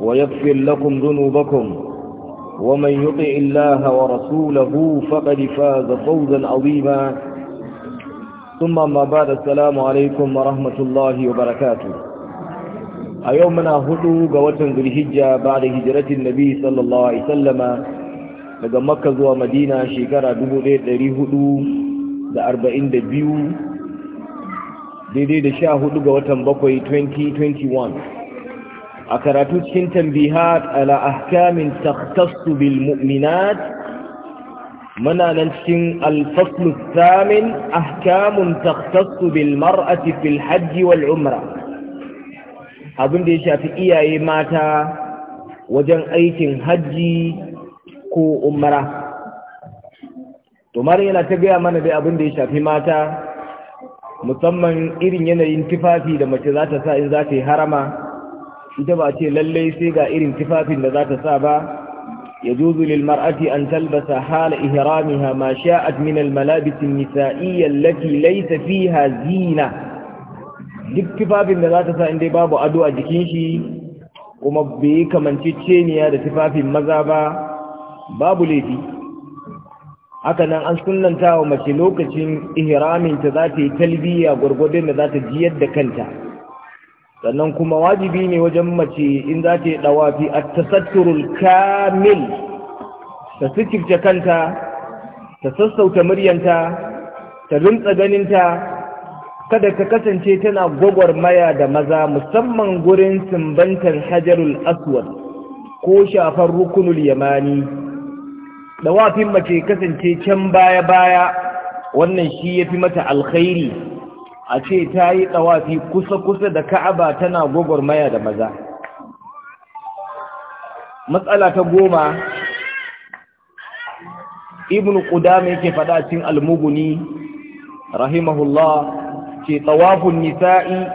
ويغفر لكم ذنوبكم ومن يطع الله ورسوله فقد فاز فوزا عظيما ثم ما بعد السلام عليكم ورحمة الله وبركاته أيومنا هدو قوة ذو الهجة بعد هجرة النبي صلى الله عليه وسلم daga makka zuwa madina shekara 1442 daidai da 14 ga watan bakwai 2021 a karatu cikin tambihat ala ahkamin takhtassu bil mu'minat muna nan cikin alfaslu thamin ahkamun takhtassu bil mar'ati fil hajji wal umra abin da ya shafi iyaye mata wajen aikin hajji ko umra to yana ta gaya mana dai abin da ya shafi mata musamman irin yanayin tufafi da mace za ta sa in za ta yi harama ita ba ce lallai sai ga irin tufafin da za ta sa ba ya juzu lilmar'ati an talbasa hala ihramiha ma sha'at min almalabis nisa'iyya allati laysa fiha zina duk tufafin da za ta sa inda babu ado a jikin shi kuma bai kamanceceniya da tufafin maza ba babu laifi haka nan an sunnanta wa mace lokacin ihraminta za ta yi talbiya gwargwadon da za ta jiyar da kanta sannan kuma wajibi ne wajen mace in za ta yi dawafi a tasatturul kamil ta sikirce kanta ta sassauta muryanta ta rintsa ganinta kada ka kasance tana gwagwarmaya da maza musamman gurin sumbantar hajarul aswad ko shafar rukunul yamani dawafin mace kasance can baya-baya wannan shi ya fi mata alkhairi a ce ta yi tsawafi kusa-kusa da ka'aba tana gwagwarmaya da maza matsala ta goma ibn Ƙudama yake fada cin al rahimahullah ce tsawafin nisa'i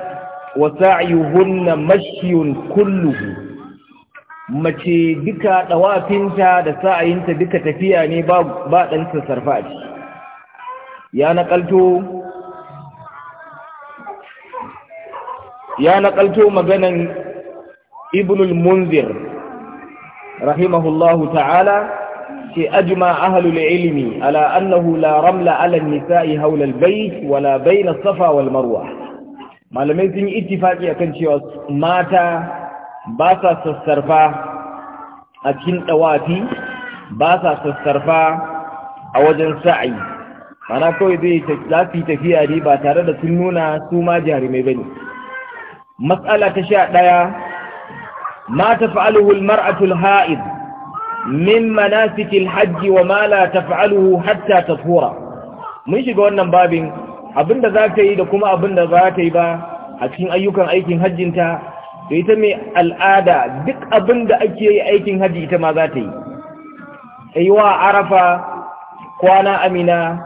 wa sa'yuhunna mashiyun kulluhu mace duka ɗawafinta da sa'ayinta duka tafiya ne ba ɗansa sarfaci ya naƙalto ya naƙalto maganan ibnul munzir rahimahullahu ta'ala ce ajima ahlul ilimi ala annahu la ramla ala nisa'i haula albayt wala bayna safa wal marwa malamai sun yi ittifaki akan cewa mata ba sa sassarfa a cikin dawafi ba sa sassarfa a wajen sa'i mana kawai zai za su yi tafiya ne ba tare da sun nuna su ma jarumai bane matsala ta sha ɗaya ma tafa'aluhu mar'atul ha'id min manasikil hajji wa ma la tafa'aluhu hatta tafura mun shiga wannan babin abinda za ta yi da kuma abinda za ta yi ba a cikin ayyukan aikin hajjinta da ita mai al'ada duk abinda ake yi aikin hajji ita ma za ta yi wa arafa kwana amina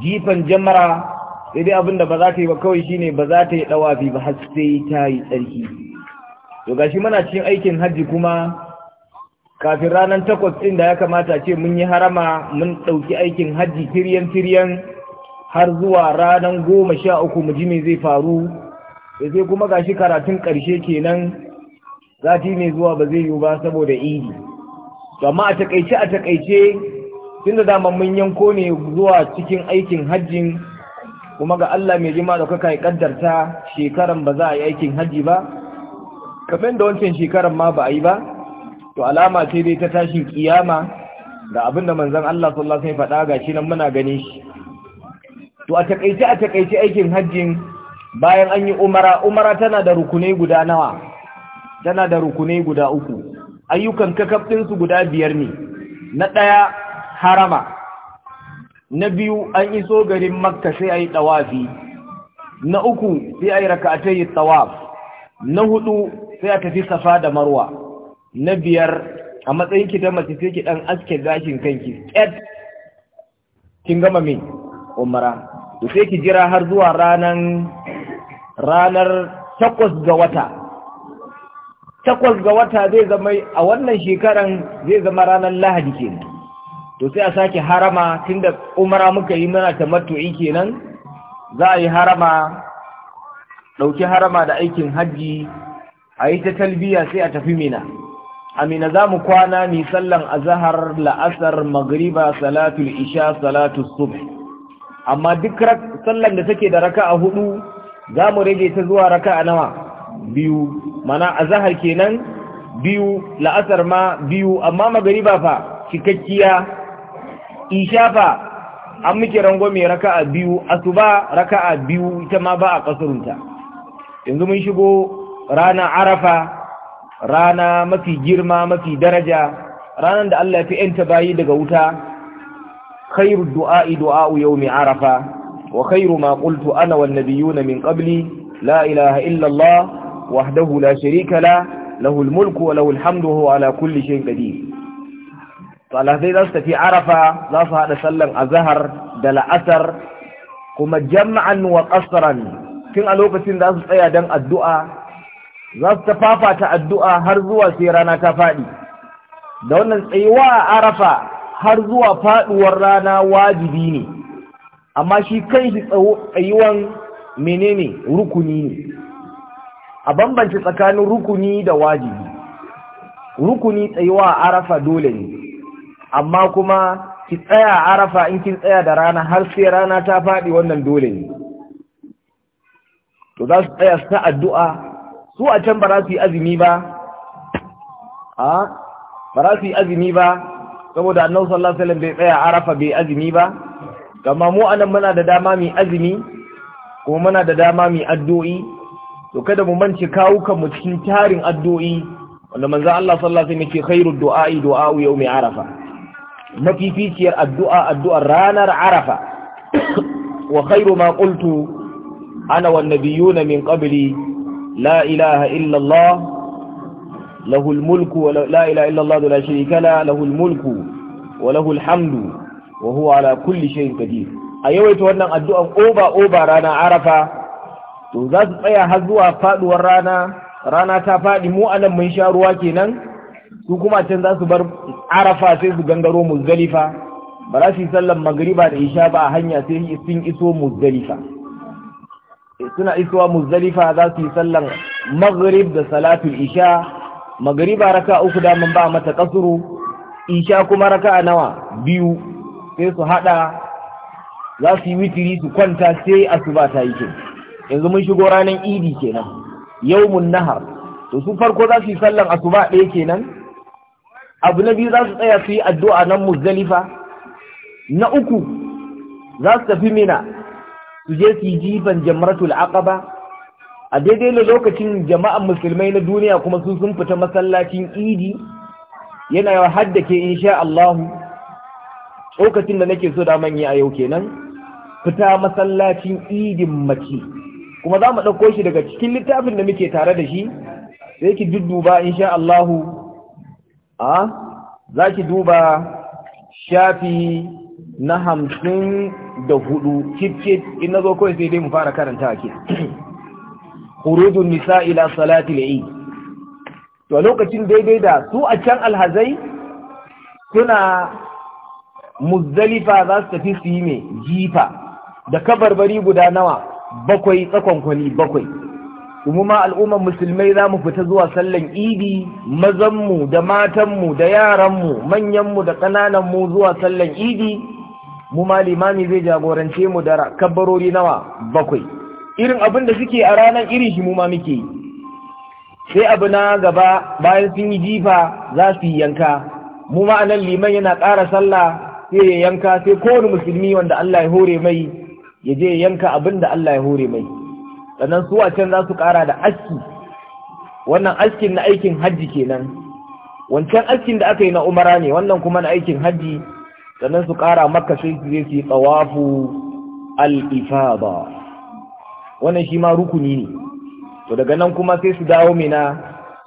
jifan jamara sai dai abinda ba za ta yi ba kawai shine ba za ta yi dawafi ba har sai ta yi tsarki to gashi muna cikin aikin hajji kuma kafin ranar takwas ɗin da ya kamata ce mun yi harama mun ɗauki aikin hajji firyan firyan har zuwa ranar goma sha uku mu ji me zai faru sai kuma gashi karatun karshe kenan sati ne zuwa ba zai yiwu ba saboda idi to amma a takaice a takaice tunda da mun yanko ne zuwa cikin aikin hajjin kuma ga Allah mai jima da kuka yi kaddarta shekaran ba za a yi aikin hajji ba kafin da wancan shekaran ma ba a yi ba to alama ce dai ta tashin kiyama da abin da manzon Allah sun yi faɗa ga shi nan muna gani shi to a takaice a taƙaice aikin hajjin bayan an yi umara umara tana da rukunai guda nawa tana da rukunai guda uku ayyukan kakaf ɗinsu guda biyar ne na ɗaya harama na biyu an iso garin makka sai a yi tawafi na uku sai a yi raka'atai tawaf na hudu sai a tafi safa da marwa na biyar a matsayin ki ta mace sai ki dan aske gashin kanki ƙet kin gama min umara to sai ki jira har zuwa ranan ranar takwas ga wata takwas ga wata zai zama a wannan shekaran zai zama ranar lahadi kenan to sai a sake harama tunda umara muka yi mana ta matui kenan za a yi harama ɗauki harama da aikin hajji a yi ta talbiya sai a tafi mina amina za mu kwana ni sallan azahar la'asar magriba salatul isha salatul subh amma duk sallan da take da raka a hudu za mu rage ta zuwa raka a nawa biyu mana azahar kenan biyu la'asar ma biyu amma magriba fa cikakkiya ishafa an muke rango mai raka'a biyu asuba raka'a biyu ita ma ba a kasurunta yanzu mun shigo rana arafa rana mafi girma mafi daraja ranar da Allah fi yanta bayi daga wuta khairu du'a'i du'a'u yawmi arafa wa khairu ma qultu ana wan nabiyuna min qabli la ilaha illa Allah wahdahu la sharika la lahu mulku wa lahul hamdu wa ala kulli shay'in qadir salafai za su tafi arafa za su haɗa sallan azahar da la'asar kuma jama'an wa ƙasaran tun a lokacin za su tsaya don addu'a za su ta fafata addu'a har zuwa sai rana ta faɗi da wannan tsayuwa a arafa har zuwa faɗuwar rana wajibi ne amma shi kan shi tsayuwan menene rukuni ne a bambance tsakanin rukuni da wajibi rukuni tsayuwa a arafa dole ne amma kuma ki tsaya arafa in kin tsaya da rana har sai rana ta faɗi wannan dole ne to za su tsaya su ta addu'a su a can ba za su yi azumi ba a ba za su yi azumi ba saboda annabi sallallahu alaihi wasallam bai tsaya arafa bai azumi ba kamar mu anan muna da dama mu azumi kuma muna da dama mu addu'o'i, to kada mu mance kan mu cikin tarin addu'o'i, wanda manzo Allah sallallahu alaihi wasallam yake khairu du'a'i du'a'u yawmi arafa mafificiyar addu'a addu'ar ranar arafa wa khairu ma ana wan nabiyuna min qabli la ilaha illallah, Allah mulku wa la ilaha mulku wa hamdu wa huwa ala kulli shay'in qadir a yawaita wannan addu'an oba oba ranar arafa to za su tsaya har zuwa faduwar rana rana ta faɗi mu anan mun sha ruwa kenan su kuma can za su bar arafa sai su gangaro muzdalifa ba za su yi sallan magariba da isha ba a hanya sai sun iso muzdalifa eh, suna isowa muzdalifa za su yi sallan maghrib da salatul isha magariba raka uku daman ba mata kasuru isha kuma raka nawa biyu sai su hada za su yi witiri su kwanta sai asuba ta yi yanzu mun shigo ranar idi kenan yau mun nahar to su farko za su yi sallan asuba ɗaya kenan abu na biyu za su tsaya su yi addu'a nan muzdalifa na uku za su tafi mina su je su yi jifan jamratul aqaba a daidai da lokacin jama'an musulmai na duniya kuma su sun fita masallacin idi yana yawa ke, insha Allahu lokacin da nake so da manya a yau kenan fita masallacin idin mace kuma za mu ɗauko shi daga cikin littafin da muke tare da shi sai ki dudduba insha Allahu a za ki duba shafi na hamsin da hudu kit in zo kawai sai dai mu fara karanta ake hurudun nisa ila salati la'i to a lokacin daidai da su a can alhazai suna Muzalifa za su tafi su yi mai jifa da kabarbari guda nawa bakwai tsakonkwani bakwai kuma ma al'ummar musulmai za mu fita zuwa sallan idi mazanmu da matanmu da yaranmu manyanmu da ƙanananmu zuwa sallan idi mu ma limami zai jagorance mu da kabarori nawa bakwai irin abin da suke a ranar iri shi mu ma muke yi sai abu na gaba bayan sun yi jifa za su yi yanka mu ma anan liman yana ƙara sallah sai ya yanka sai kowane musulmi wanda Allah ya hore mai ya je yanka abin da Allah ya hore mai sannan su can za su ƙara da aski wannan askin na aikin hajji kenan wancan askin da aka yi na umara ne wannan kuma na aikin hajji sannan su kara maka sai su zai su yi tsawafu al'ifaba wannan shi ma rukuni ne to daga nan kuma sai su dawo mina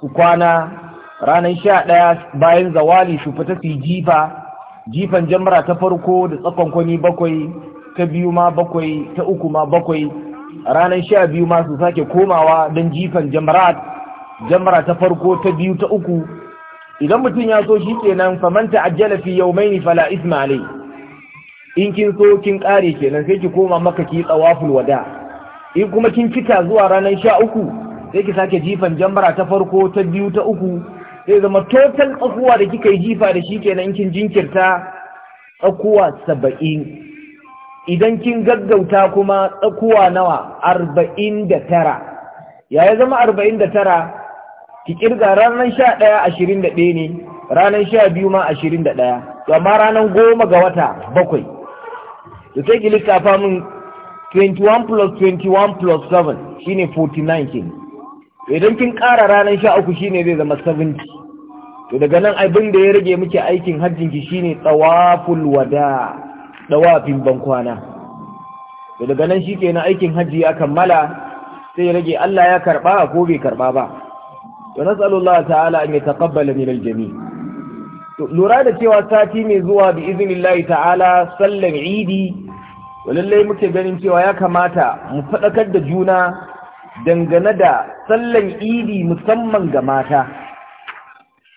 su kwana ranar sha ɗaya bayan zawali su fita su yi jifa jifan jamara ta farko da tsakon kwani bakwai ta biyu ma bakwai ta uku ma bakwai ranar sha biyu masu sake komawa don jifan jamarat jamara ta farko ta biyu ta uku idan mutum ya so shi kenan famanta ajjala fi ni fala isma in kin so kin kare kenan sai ki koma maka ki tsawafin wada in kuma kin fita zuwa ranar sha uku sai ki sake jifan jambara ta farko ta biyu ta uku sai zama total tsakuwa da kika yi jifa da shi kenan kin jinkirta tsakuwa saba'in idan kin gaggauta kuma tsakuwa nawa arba'in da tara ya zama arba'in da tara ki kirga ranar sha ɗaya ashirin da ɗaya ne ranar sha biyu ma ashirin da ɗaya amma ranar goma ga wata bakwai da sai ki lissafa min 21 plus 21 plus 7 shi ne 49 kin idan kin kara ranar sha uku ne zai zama 70 to daga nan abin da ya rage muke aikin hajjinki shine tsawaful wada' dawafin bankwana da daga nan shi na aikin hajji ya kammala sai rage Allah ya karɓa ko bai karɓa ba to nasallallahu ta'ala an yataqabbala min aljami jami lura da cewa sati mai zuwa bi iznillahi ta'ala sallan idi lallai muke ganin cewa ya kamata mu faɗakar da juna dangane da sallan idi musamman ga mata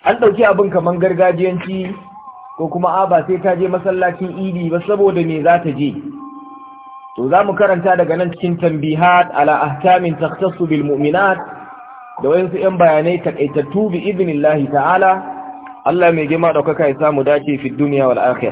an ɗauki abin kamar gargajiyanci ko kuma a ba sai ta je masallacin idi ba saboda me za ta je to za mu karanta daga nan cikin tambihat ala ahkamin takhtassu bil mu'minat da wayansu yan bayanai takaitattu bi idnillahi ta'ala Allah mai girma daukaka ya samu dace fi duniya wal akhirah